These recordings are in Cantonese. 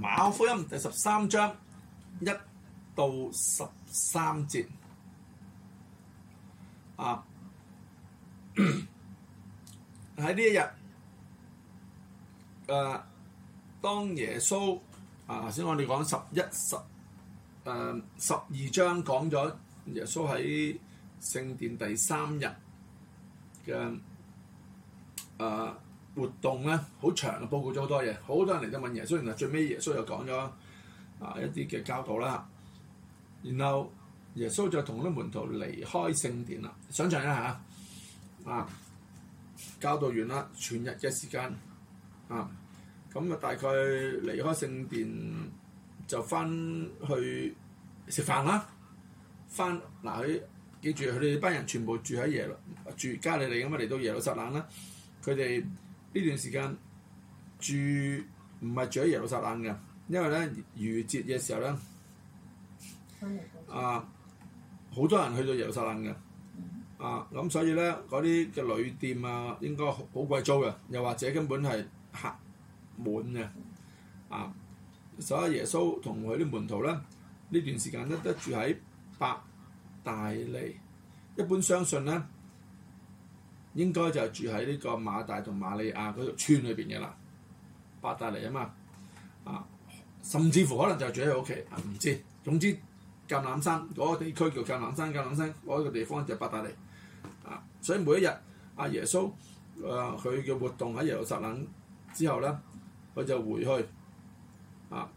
馬可福音第十三章一到十三節啊，喺呢一日誒，當耶穌啊，頭先我哋講十一十誒十二章講咗耶穌喺聖殿第三日嘅啊。活動咧好長，報告咗好多嘢，好多人嚟到問耶穌。原來最後最尾耶穌又講咗啊一啲嘅教導啦。然後耶穌就同啲門徒離開聖殿啦。想象一下啊，教導完啦，全日嘅時間啊，咁啊大概離開聖殿就翻去食飯啦。翻嗱，佢、啊、記住佢哋班人全部住喺耶路住加利利咁啊，嚟到耶路撒冷啦，佢哋。呢段時間住唔係住喺耶路撒冷嘅，因為咧逾節嘅時候咧，啊好多人去到耶路撒冷嘅，啊咁所以咧嗰啲嘅旅店啊應該好貴租嘅，又或者根本係客滿嘅，啊所以耶穌同佢啲門徒咧呢段時間咧都住喺伯大尼，一般相信咧。應該就住喺呢個馬大同馬利亞嗰條村裏邊嘅啦，伯大尼啊嘛，啊甚至乎可能就住喺屋企，唔、啊、知總之橄欖山嗰、那個地區叫橄欖山，橄欖山嗰、那個地方就伯大尼。啊，所以每一日阿、啊、耶穌啊佢嘅活動喺耶路撒冷之後咧，佢就回去啊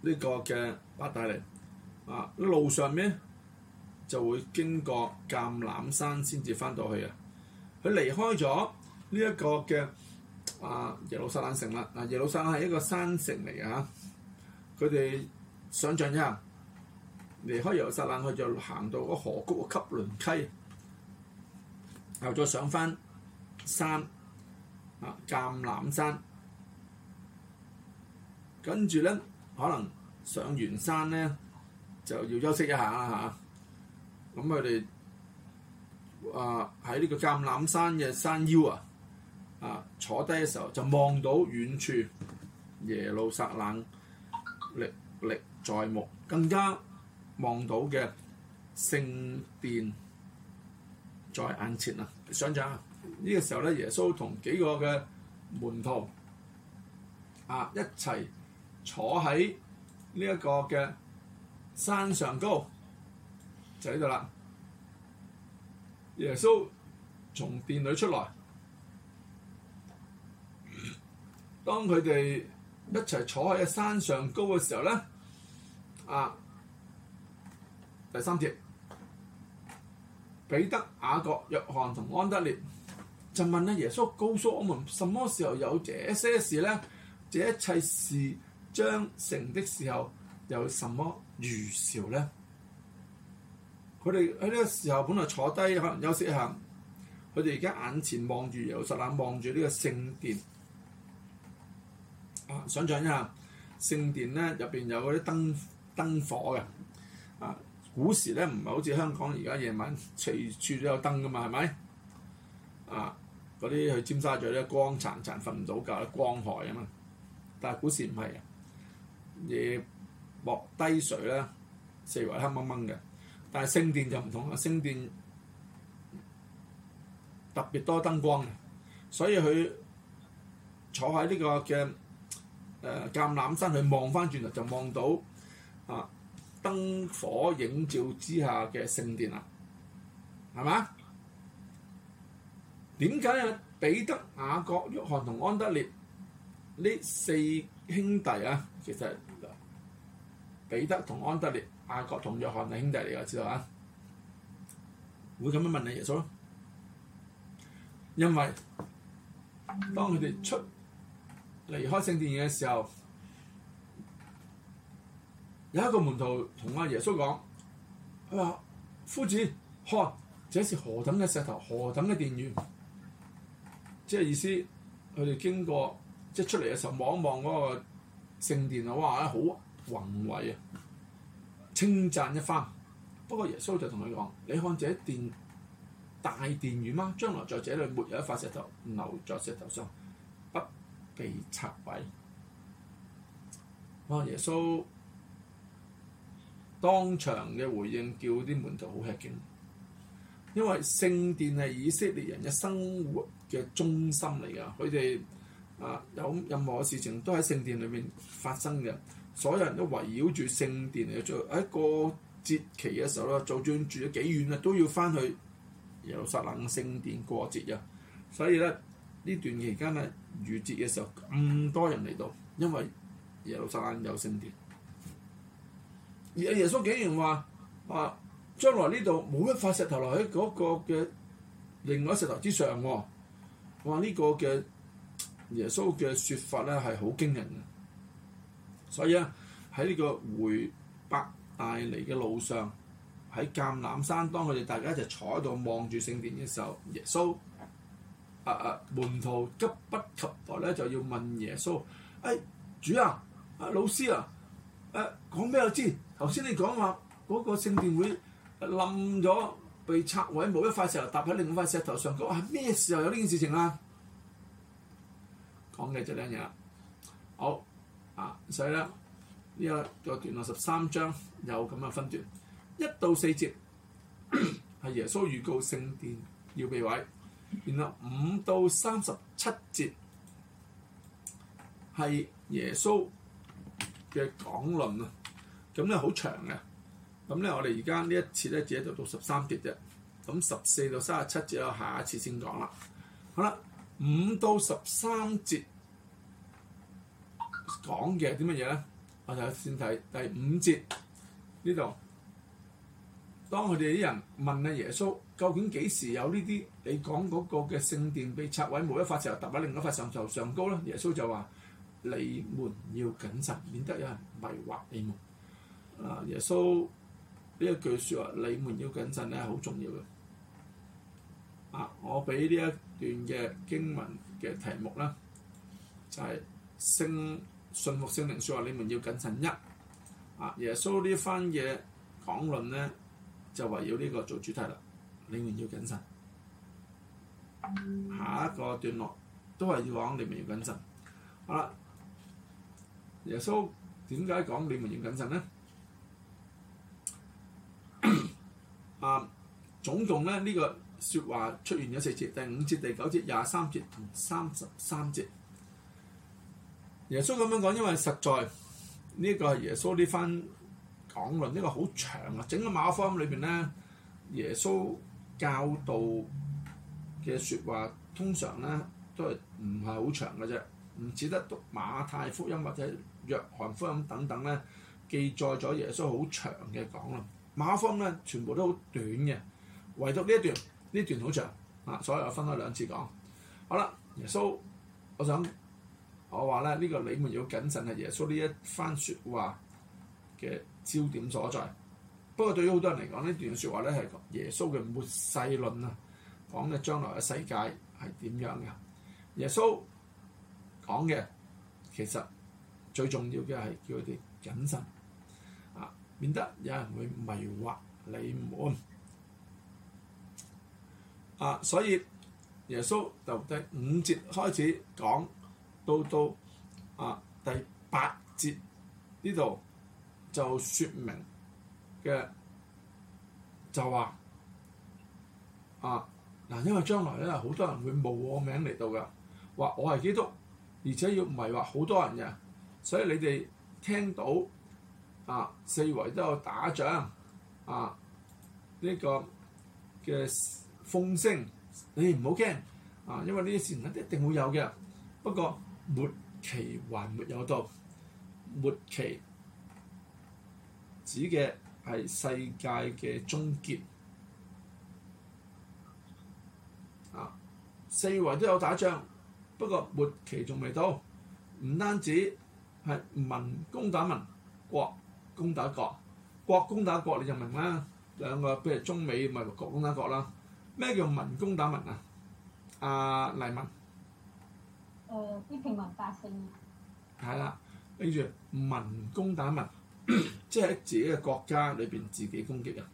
呢、這個嘅伯大尼啊路上邊，就會經過橄欖山先至翻到去，離啊！佢離開咗呢一個嘅啊耶路撒冷城啦。啊耶路撒冷係一個山城嚟嘅嚇，佢、啊、哋想象，一下，離開耶路撒冷，佢就行到嗰河谷個汲淪溪，然後再上翻山啊，橄欖山。跟住咧，可能上完山咧，就要休息一下啦嚇。啊咁佢哋啊喺呢個橄欖山嘅山腰啊啊，坐低嘅時候，就望到遠處耶路撒冷歷歷在目，更加望到嘅聖殿在眼前啊！想象下呢、這個時候咧，耶穌同幾個嘅門徒啊一齊坐喺呢一個嘅山上高。就喺度啦！耶穌從殿裏出來，當佢哋一齊坐喺山上高嘅時候咧，啊，第三節，彼得、雅各、約翰同安德烈就問啊，耶穌，告訴我們什麼時候有這些事呢？這一切事將成的時候，有什麼預兆呢？」佢哋喺呢個時候本來坐低可能休息一下，佢哋而家眼前望住由實眼望住呢個聖殿啊！想象一下聖殿咧入邊有嗰啲燈燈火嘅啊！古時咧唔係好似香港而家夜晚隨處都有燈㗎嘛，係咪啊？嗰啲去尖沙咀咧光燦燦，瞓唔到覺咧光害啊嘛！但係古時唔係嘅，夜幕低垂啦，四圍黑濛濛嘅。但係聖殿就唔同啦，聖殿特別多燈光嘅，所以佢坐喺呢個嘅誒橄欖山去望翻轉頭就望到啊燈火映照之下嘅聖殿啦，係嘛？點解啊彼得、雅各、約翰同安德烈呢四兄弟啊？其實彼得同安德烈。阿各同約翰嘅兄弟嚟噶，知道啊？會咁樣問你耶穌，因為當佢哋出離開聖殿嘅時候，有一個門徒同阿耶穌講：，佢話夫子，看這是何等嘅石頭，何等嘅殿宇，即係意思佢哋經過即係出嚟嘅時候望一望嗰個聖殿啊，哇！好宏偉啊！稱讚一番，不過耶穌就同佢講：，你看這殿大殿宇嗎？將來在這裡沒有一塊石頭留在石頭上，不被拆毀。啊！耶穌當場嘅回應叫啲門徒好吃驚，因為聖殿係以色列人嘅生活嘅中心嚟㗎，佢哋啊有任何事情都喺聖殿裏面發生嘅。所有人都圍繞住聖殿嚟做，喺過節期嘅時候啦，就算住咗幾遠啊，都要翻去耶路撒冷聖殿過節嘅。所以咧呢段期間咧，遇節嘅時候咁多人嚟到，因為耶路撒冷有聖殿。而耶穌竟然話：啊，將來呢度冇一塊石頭落喺嗰個嘅另外一石頭之上喎！哇，呢個嘅耶穌嘅説法咧係好驚人嘅。所以咧喺呢個回伯大尼嘅路上，喺橄欖山當佢哋大家一齊坐喺度望住聖殿嘅時候，耶穌啊啊門徒急不及待咧就要問耶穌：哎主啊，啊老師啊，誒講俾我知頭先你講話嗰個聖殿會冧咗，啊，被拆毀，冇一塊石頭搭喺另一塊石頭上，講係咩時候有呢件事情啊？講嘅就呢樣，好。啊、所以咧，呢、這、一個段落十三章有咁嘅分段，一到四節係 耶穌預告聖殿要被毀，然後五到三十七節係耶穌嘅講論啊。咁咧好長嘅，咁咧我哋而家呢一次咧只係讀到十三節啫。咁十四到三十七節我下一次先講啦。好啦，五到十三節。講嘅點乜嘢咧？我哋先睇第五節呢度。當佢哋啲人問啊，耶穌究竟幾時有呢啲？你講嗰個嘅聖殿被拆毀，冇一發時候，突喺另一發上就上高啦。耶穌就話：你們要謹慎，免得有人迷惑你們。啊！耶穌呢一句說話，你們要謹慎咧，係好重要嘅。啊！我俾呢一段嘅經文嘅題目咧，就係聖。信服聖靈說話，你們要謹慎一啊！耶穌呢番嘢講論咧，就圍繞呢個做主題啦。你們要謹慎。下一個段落都係要講，你們要謹慎。好、啊、啦，耶穌點解講你們要謹慎咧？ 啊，總共咧呢、這個説話出現咗四節，第五節、第九節、廿三節同三十三節。耶穌咁樣講，因為實在呢個係耶穌呢番講論，呢個好長啊！整個馬可福音裏邊咧，耶穌教導嘅説話通常咧都係唔係好長嘅啫，唔似得讀馬太福音或者約翰福音等等咧記載咗耶穌好長嘅講論。馬可福音咧全部都好短嘅，唯獨呢一段呢段好長啊，所以我分開兩次講。好啦，耶穌，我想。我話咧，呢個你們要謹慎係耶穌呢一番説話嘅焦點所在。不過對於好多人嚟講，呢段説話咧係耶穌嘅末世論啊，講嘅將來嘅世界係點樣嘅？耶穌講嘅其實最重要嘅係叫佢哋謹慎啊，免得有人會迷惑你們啊。所以耶穌就第五節開始講。到到，啊第八節呢度就説明嘅就話啊，嗱，因為將來咧，好多人會冒我名嚟到噶，話我係基督，而且要唔係話好多人嘅。所以你哋聽到啊四圍都有打仗啊呢個嘅風聲，你唔好驚啊，因為呢啲事情一定會有嘅，不過。末期還沒有到，末期指嘅係世界嘅終結。啊，四圍都有打仗，不過末期仲未到。唔單止係民攻打民，國攻打國，國攻打國，你就明啦。兩個譬如中美咪、就是、國攻打國啦。咩叫民攻打民啊？阿、啊、黎民。誒啲、嗯、平民百姓，係啦，跟住民工打民， 即係自己嘅國家裏邊自己攻擊人，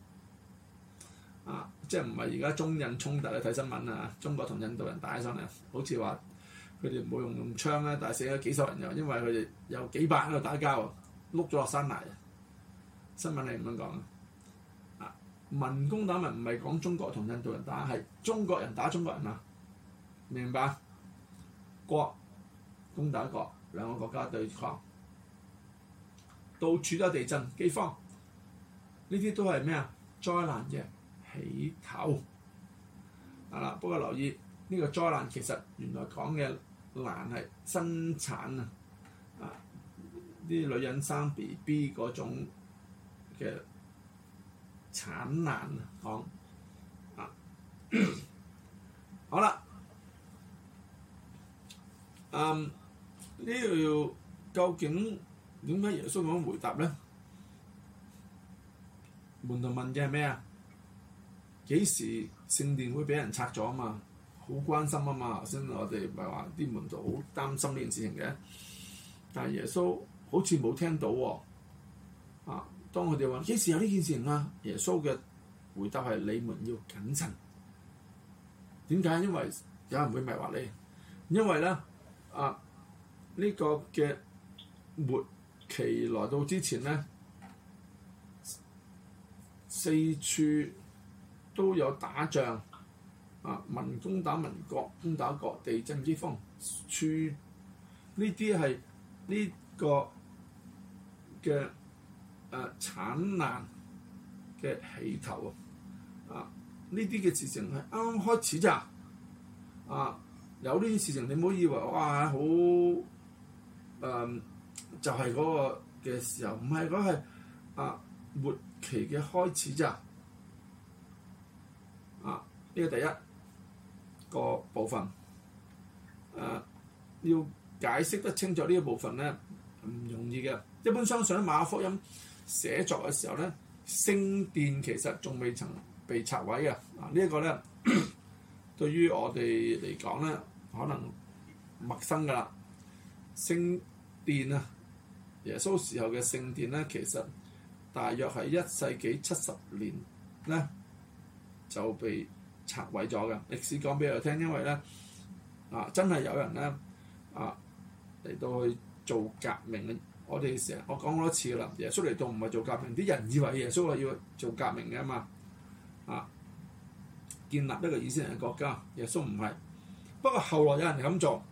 啊，即係唔係而家中印衝突去睇新聞啊，中國同印度人打起身嚟，好似話佢哋唔好用用槍咧，但係死咗幾十人又，因為佢哋有幾百喺度打交啊，碌咗落山崖。啊，新聞你咁樣講啊，民工打民唔係講中國同印度人打，係中國人打中國人啊，明白？國攻打國，兩個國家對抗，到處都地震、饑荒，呢啲都係咩啊？災難嘅起頭啊！不過留意呢個災難其實原來講嘅難係生產啊，啲女人生 B B 嗰種嘅產難講啊，啊 好啦。嗯，呢要、um, 究竟點解耶穌咁樣回答咧？門徒問嘅係咩啊？幾時聖殿會俾人拆咗啊？嘛，好關心啊嘛。頭先我哋唔係話啲門徒好擔心呢件事情嘅，但係耶穌好似冇聽到喎、哦。啊，當佢哋問幾時有呢件事情啊？耶穌嘅回答係你們要謹慎。點解？因為有人會迷惑你，因為咧。啊！呢、呢個嘅末期來到之前咧，四處都有打仗，啊民攻打民國，攻打各地震之風處，呢啲係呢個嘅誒產難嘅起頭啊！啊，呢啲嘅事情係啱啱開始咋啊！有呢啲事情你唔好以為哇好誒、呃，就係、是、嗰個嘅時候，唔係嗰係啊末期嘅開始咋。啊，呢、啊這個第一個部分誒、啊，要解釋得清楚呢一部分咧唔容易嘅。一般相信馬福音寫作嘅時候咧，聖殿其實仲未曾被拆毀嘅啊！啊，這個、呢一個咧。 對於我哋嚟講咧，可能陌生㗎啦。聖殿啊，耶穌時候嘅聖殿咧，其實大約係一世紀七十年咧就被拆毀咗嘅。歷史講俾我聽，因為咧啊，真係有人咧啊嚟到去做革命。我哋成日我講多次啦，耶穌嚟到唔係做革命，啲人以為耶穌係要做革命嘅嘛。建立一個以色列國家，耶穌唔係。不過後來有人咁做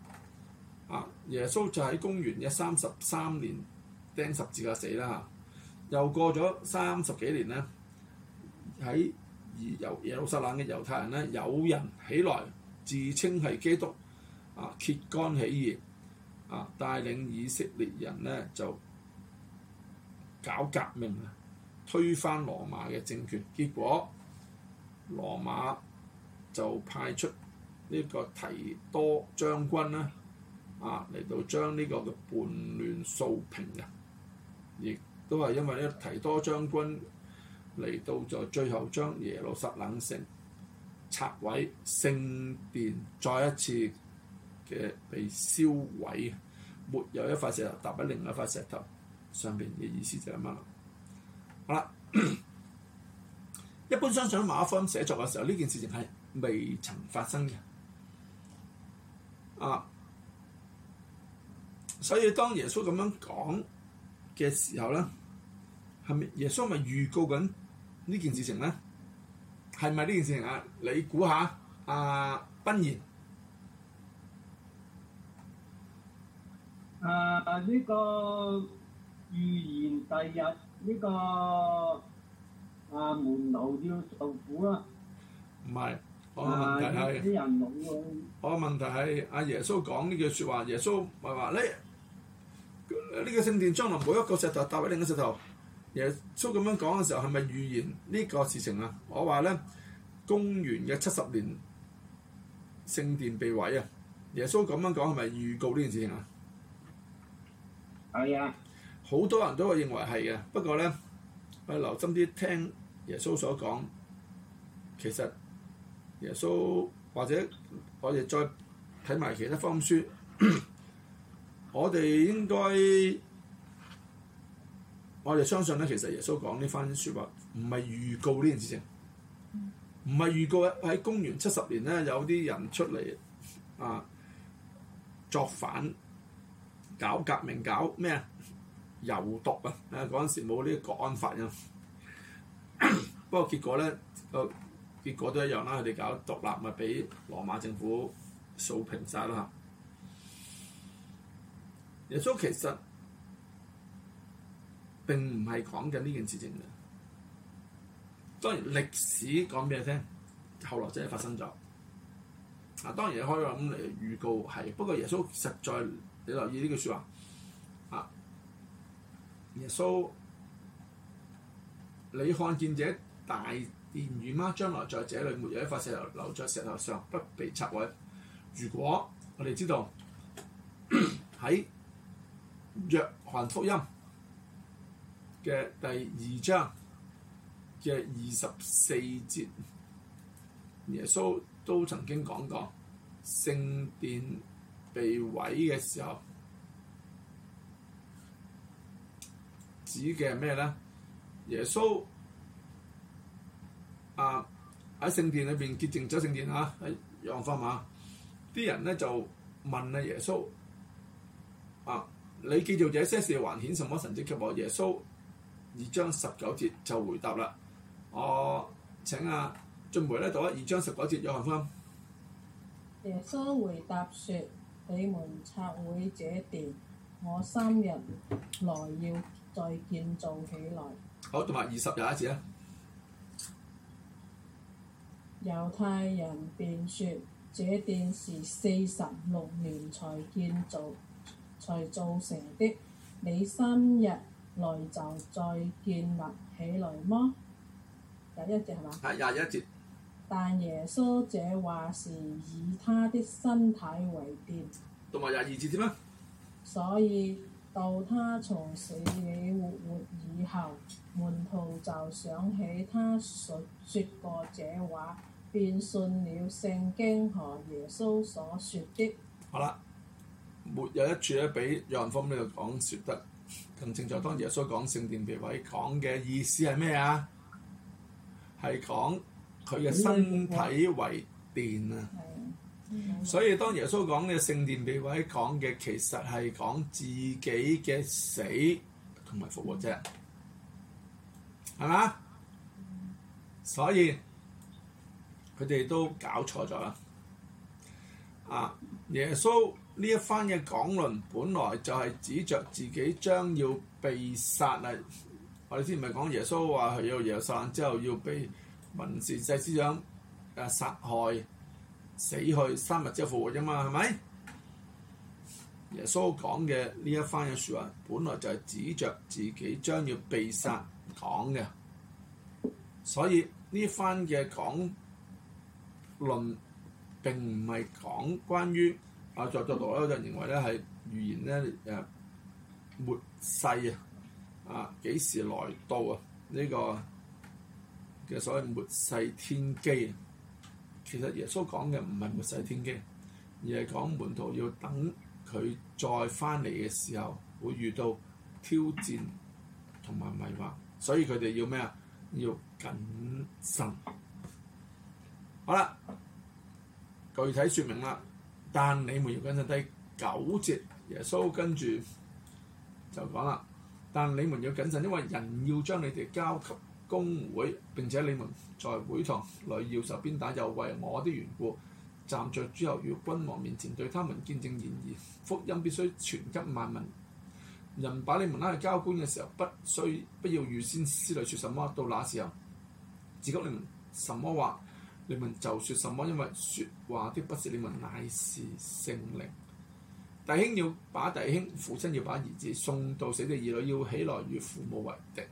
啊，耶穌就喺公元嘅三十三年釘十字架死啦。嚇、啊，又過咗三十幾年咧，喺猶耶路撒冷嘅猶太人咧，有人起來自稱係基督，啊揭竿起義，啊帶領以色列人咧就搞革命啊，推翻羅馬嘅政權。結果羅馬就派出呢個提多將軍啦，啊嚟到將呢個嘅叛亂掃平嘅，亦都係因為咧提多將軍嚟到就最後將耶路撒冷城拆毀，聖殿再一次嘅被燒毀，沒有一塊石頭搭喺另一塊石頭上邊嘅意思就係咁樣。好啦， 一般相信馬可寫作嘅時候，呢件事情係未曾發生嘅，啊！所以當耶穌咁樣講嘅時候咧，係咪耶穌咪預告緊呢件事情咧？係咪呢件事情啊？你估下啊，斌言。啊呢、這個預言第二呢個啊門徒要受苦啊，唔係。我個問題係啲人冇，我個問題係阿耶穌講呢句説話，耶穌咪話呢，呢個聖殿將來冇一個石頭搭喺另一個石頭。耶穌咁樣講嘅時候係咪預言呢個事情啊？我話咧公元嘅七十年聖殿被毀啊！耶穌咁樣講係咪預告呢件事情啊？係啊、哎呀，好多人都會認為係嘅，不過咧我留心啲聽耶穌所講，其實。耶穌，或者我哋再睇埋其他方書， 我哋應該我哋相信咧，其實耶穌講呢番説話唔係預告呢件事情，唔係預告喺公元七十年咧有啲人出嚟啊作反搞革命搞咩啊遊毒啊，啊嗰陣時冇呢個國安法嘅， 不過結果咧個。啊結果都一樣啦，佢哋搞獨立咪俾羅馬政府掃平晒啦。嚇。耶穌其實並唔係講緊呢件事情嘅。當然歷史講俾你聽，後來真係發生咗。啊，當然你可以話咁嚟預告係，不過耶穌實在你留意呢句説話啊，耶穌，你看見者大。殿宇嗎？將來在這裡沒有一塊石頭留在石頭上，不被拆毀。如果我哋知道喺約翰福音嘅第二章嘅二十四節，耶穌都曾經講過聖殿被毀嘅時候指嘅係咩咧？耶穌。啊！喺聖殿裏邊潔淨咗聖殿嚇，喺約翰福音嘛，啲、哎啊、人咧就問啊耶穌：啊，你建住，這些事，還顯什麼神蹟給我耶穌？耶穌二章十九節就回答啦。我、啊、請啊俊梅咧讀一二章十九節，約翰福音耶穌回答說：你們拆毀這殿，我三日來要再建造起來。好，同埋二十日一次啊。猶太人便說：這殿是四十六年才建造才造成的，你三日內就再建立起來嗎？廿一節係嘛？係廿一節。但耶穌這話是以他的身體為殿。同埋廿二節添啦。所以到他從死裡活活以後，門徒就想起他說過這話。變信了聖經和耶穌所說的。好啦，沒有一處咧俾楊方呢度講説得更清楚。當耶穌講聖殿被毀，講嘅意思係咩啊？係講佢嘅身體為殿啊。嗯嗯嗯嗯、所以當耶穌講嘅聖殿被毀，講嘅其實係講自己嘅死同埋復活啫。係嘛？嗯、所以。佢哋都搞錯咗啦！啊，耶穌呢一番嘅講論，本來就係指著自己將要被殺啊！我哋之前咪講耶穌話佢有耶穌之後要被文士祭司長、誒殺害死去三日之後復活啫嘛，係咪？耶穌講嘅呢一番嘅説話，本來就係指著自己將要被殺講嘅，所以呢番嘅講論並唔係講關於啊，作在羅啲有人認為咧係預言咧誒、啊、末世啊啊幾時來到啊呢、這個嘅所謂末世天機啊，其實耶穌講嘅唔係末世天機，而係講門徒要等佢再翻嚟嘅時候會遇到挑戰同埋迷惑，所以佢哋要咩啊？要謹慎。好啦。具體説明啦，但你們要謹慎。第九節，耶穌跟住就講啦，但你們要謹慎，因為人要將你哋交給公會，並且你們在會堂裏要受鞭打，又為我的緣故站在諸侯與君王面前對他們見證。然而，福音必須傳給萬民。人把你們拉去交官嘅時候，不需不要預先思慮説什麼，到那時候，賜給你們什麼話？你們就説什麼。因為説話的不是你們，乃是聖靈。弟兄要把弟兄、父親要把兒子送到死地，兒女要起來與父母為敵，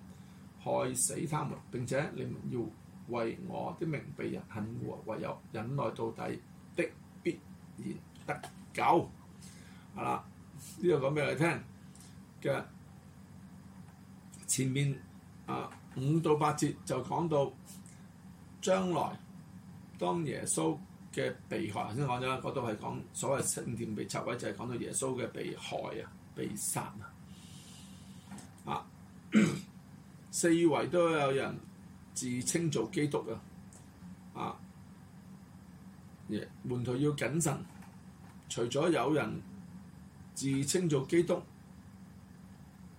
害死他們。並且你們要為我的名被人恨惡，唯有忍耐到底的，必然得救。係啦，呢個講俾你聽嘅。前面啊、呃、五到八節就講到將來。當耶穌嘅被害，先講咗，嗰度係講所謂聖殿被拆毀，就係、是、講到耶穌嘅被害啊、被殺啊。啊， 四圍都有人自稱做基督啊。啊，門徒要謹慎，除咗有人自稱做基督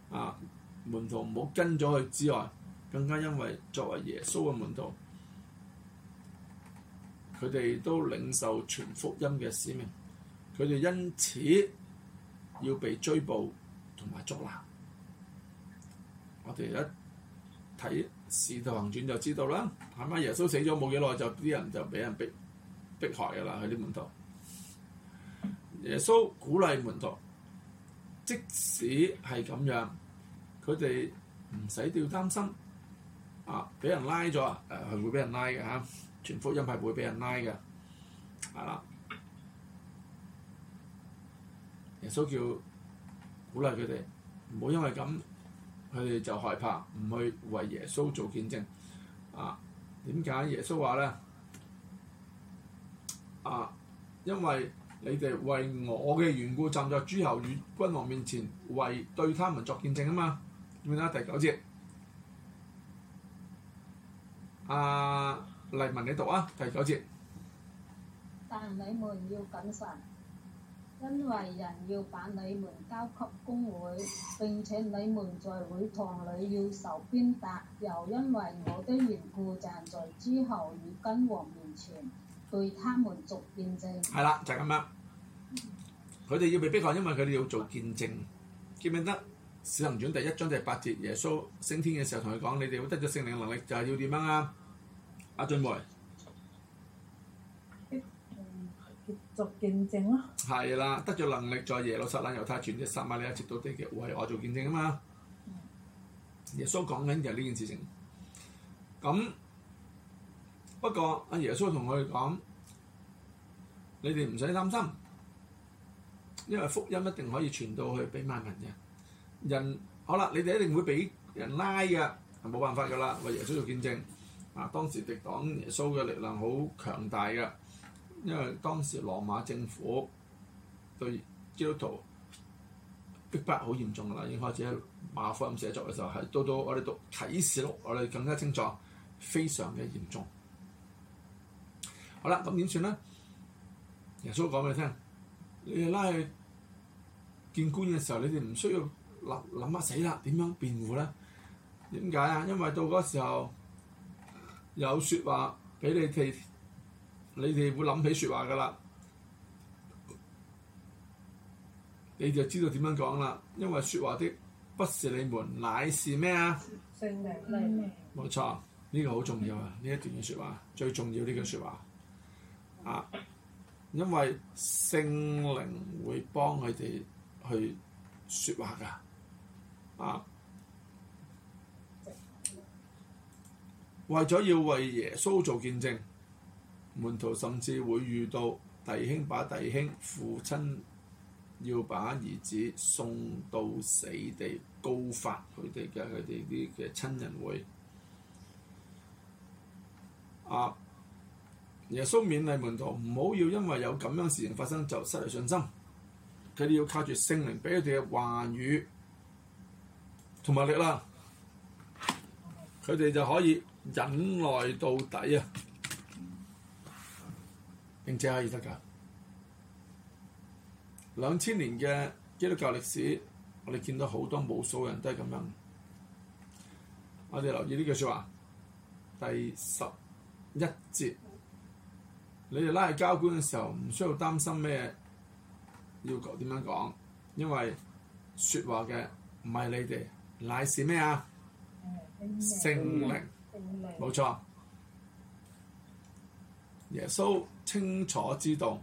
啊，門徒唔好跟咗佢之外，更加因為作為耶穌嘅門徒。佢哋都領受全福音嘅使命，佢哋因此要被追捕同埋捉拿。我哋一睇《使徒行傳》就知道啦。阿媽耶穌死咗冇幾耐，就啲人就俾人逼逼害噶啦，佢啲門徒。耶穌鼓勵門徒，即使係咁樣，佢哋唔使掉擔心啊，俾人拉咗啊，係會俾人拉嘅嚇。全福音係會俾人拉嘅，係、啊、啦。耶穌叫鼓勵佢哋唔好因為咁，佢哋就害怕唔去為耶穌做見證。啊，點解耶穌話咧？啊，因為你哋為我嘅緣故站在諸侯與君王面前，為對他們作見證啊嘛。咁樣第九節啊！嚟問你讀啊，第九節。但你們要謹慎，因為人要把你們交給公會，並且你們在會堂裏要受鞭打，又因為我的緣故站在諸侯與君王面前，對他們作見證。係啦，就係咁樣。佢哋要被逼迫，因為佢哋要做見證。記唔記得《使行傳》第一章就係八節，耶穌升天嘅時候同佢講：你哋會得咗聖靈能力，就係要點樣啊？阿俊梅，繼續見證咯，係啦，得著能力在耶路撒冷、猶太全地、撒瑪利亞，你一直到地極為我做見證啊嘛。耶穌講緊就呢件事情，咁不過阿耶穌同我哋講，你哋唔使擔心，因為福音一定可以傳到去俾萬民嘅人。好啦，你哋一定會俾人拉嘅，係冇辦法噶啦，為耶穌做見證。啊！當時敵黨耶穌嘅力量好強大嘅，因為當時羅馬政府對基督徒逼迫好嚴重啦，已經開始喺馬可咁寫作嘅時候，係到到我哋讀啟示錄，我哋更加清楚非常嘅嚴重。好啦，咁點算咧？耶穌講俾你聽，你哋拉去見官嘅時候，你哋唔需要諗諗下死啦，點樣辯護咧？點解啊？因為到嗰時候。有説話俾你哋，你哋會諗起説話噶啦，你就知道點樣講啦。因為説話的不是你們，乃是咩啊？聖靈嚟。冇錯，呢個好重要啊！嗯，呢一段嘅説話最重要呢句説話啊，因為聖靈會幫佢哋去説話噶啊。為咗要為耶穌做見證，門徒甚至會遇到弟兄把弟兄、父親要把兒子送到死地告發佢哋嘅，佢哋啲嘅親人會啊，耶穌勉勵門徒唔好要因為有咁樣事情發生就失去信心，佢哋要靠住聖靈俾佢哋嘅話語同埋力量，佢哋就可以。忍耐到底啊！並且可以得㗎。兩千年嘅基督教歷史，我哋見到好多無數人都係咁樣。我哋留意呢句説話，第十一節。你哋拉去交官嘅時候，唔需要擔心咩？要求點樣講？因為説話嘅唔係你哋，乃是咩啊？聖靈。冇錯，耶穌清楚知道，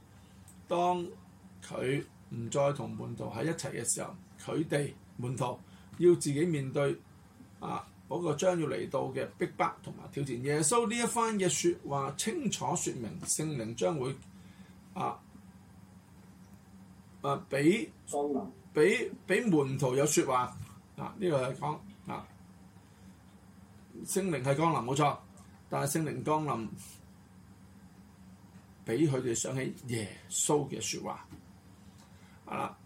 當佢唔再同門徒喺一齊嘅時候，佢哋門徒要自己面對啊嗰個將要嚟到嘅逼迫同埋挑戰。耶穌呢一番嘅説話，清楚説明聖靈將會啊啊俾俾俾門徒有説話啊呢個係講啊。這個聖靈係降臨，冇錯，但係聖靈降臨俾佢哋想起耶穌嘅説話啊！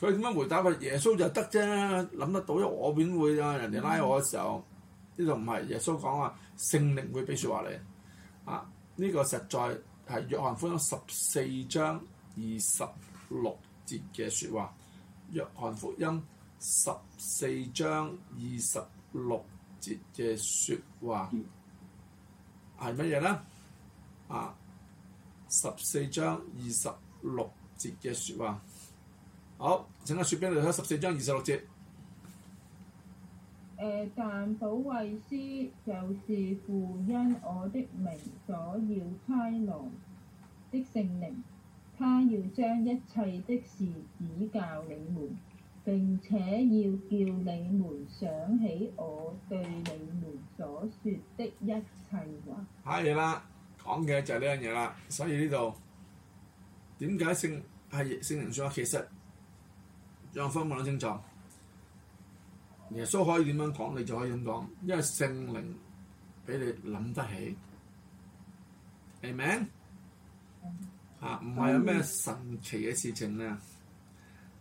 佢點樣回答佢耶穌就得啫、啊，諗得到咗、啊、我邊會啊！人哋拉我嘅時候，呢度唔係耶穌講啊，聖靈會俾説話你啊！呢、這個實在係約翰福音十四章二十六節嘅説話。約翰福音十四章二十六。嘅説話係乜嘢咧？啊，十四章二十六節嘅説話，好，請阿雪俾你睇十四章二十六節。誒、呃，但保惠師就是父因我的名所要差來的聖靈，他要將一切的事指教你們。並且要叫你們想起我對你們所說的一切話。係啦， 講嘅就係呢樣嘢啦。所以呢度點解聖係聖靈所講？其實讓福音有正狀。耶穌可以點樣講，你就可以點講，因為聖靈俾你諗得起。Amen。啊，唔係有咩神奇嘅事情咧～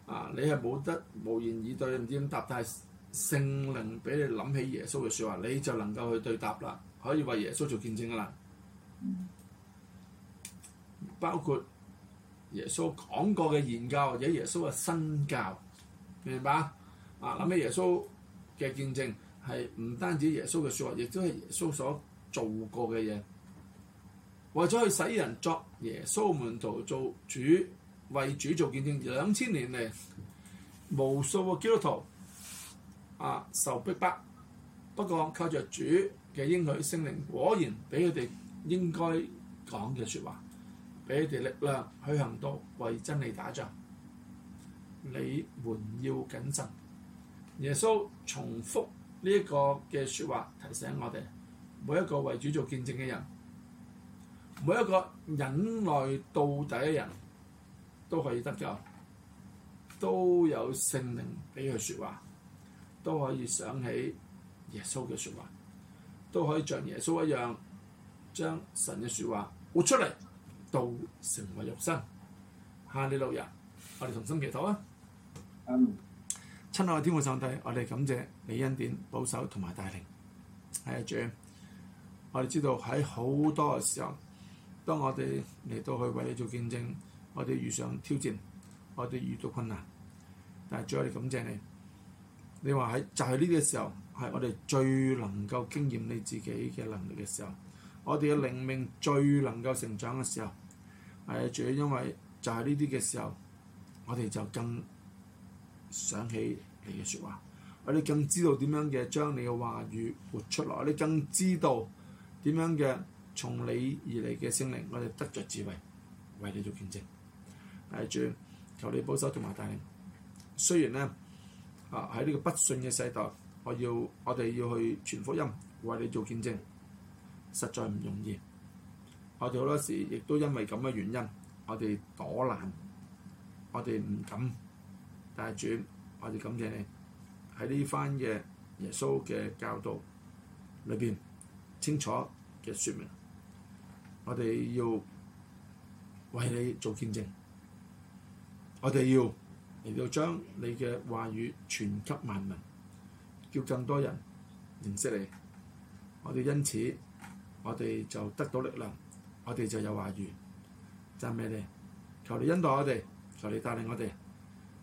啊！你係冇得無言以對，唔知點答，但係聖靈俾你諗起耶穌嘅説話，你就能夠去對答啦，可以為耶穌做見證噶啦。包括耶穌講過嘅言教，或者耶穌嘅身教，明白啊？啊，諗起耶穌嘅見證係唔單止耶穌嘅説話，亦都係耶穌所做過嘅嘢，為咗去使人作耶穌門徒，做主。為主做見證，兩千年嚟，無數個基督徒啊，受逼迫，不過靠着主嘅應許聖靈，果然俾佢哋應該講嘅説話，俾佢哋力量去行道，為真理打仗。你們要謹慎。耶穌重複呢一個嘅説話，提醒我哋每一個為主做見證嘅人，每一個忍耐到底嘅人，都可以得救，都有聖靈俾佢説話，都可以想起耶穌嘅説話，都可以像耶穌一樣將神嘅説話活出嚟，到成為肉身。哈利路亞！我哋同心祈禱啊！嗯，親愛嘅天父上帝，我哋感謝你恩典、保守同埋帶領。係、哎、啊主，我哋知道喺好多嘅時候，當我哋嚟到去為你做見證。我哋遇上挑戰，我哋遇到困難，但係主，我哋感謝你。你話喺就係呢啲嘅時候，係我哋最能夠經驗你自己嘅能力嘅時候，我哋嘅靈命最能夠成長嘅時候。係啊，主，因為就係呢啲嘅時候，我哋就更想起你嘅説話，我哋更知道點樣嘅將你嘅話語活出來，你更知道點樣嘅從你而嚟嘅聖靈，我哋得着智慧，為你做見證。但主，求你保守同埋帶領。雖然咧，啊喺呢個不信嘅世代，我要我哋要去傳福音，為你做見證，實在唔容易。我哋好多時亦都因為咁嘅原因，我哋躲難，我哋唔敢。但係主，我哋感謝你喺呢番嘅耶穌嘅教導裏邊清楚嘅説明，我哋要為你做見證。我哋要嚟到將你嘅話語傳給萬民，叫更多人認識你。我哋因此，我哋就得到力量，我哋就有話語。讚美你，求你恩待我哋，求你帶領我哋。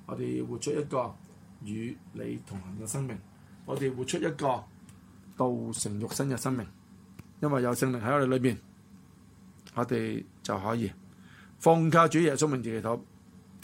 我哋活出一個與你同行嘅生命，我哋活出一個道成肉身嘅生命，因為有聖靈喺我哋裏面，我哋就可以奉靠主耶穌名字祈禱。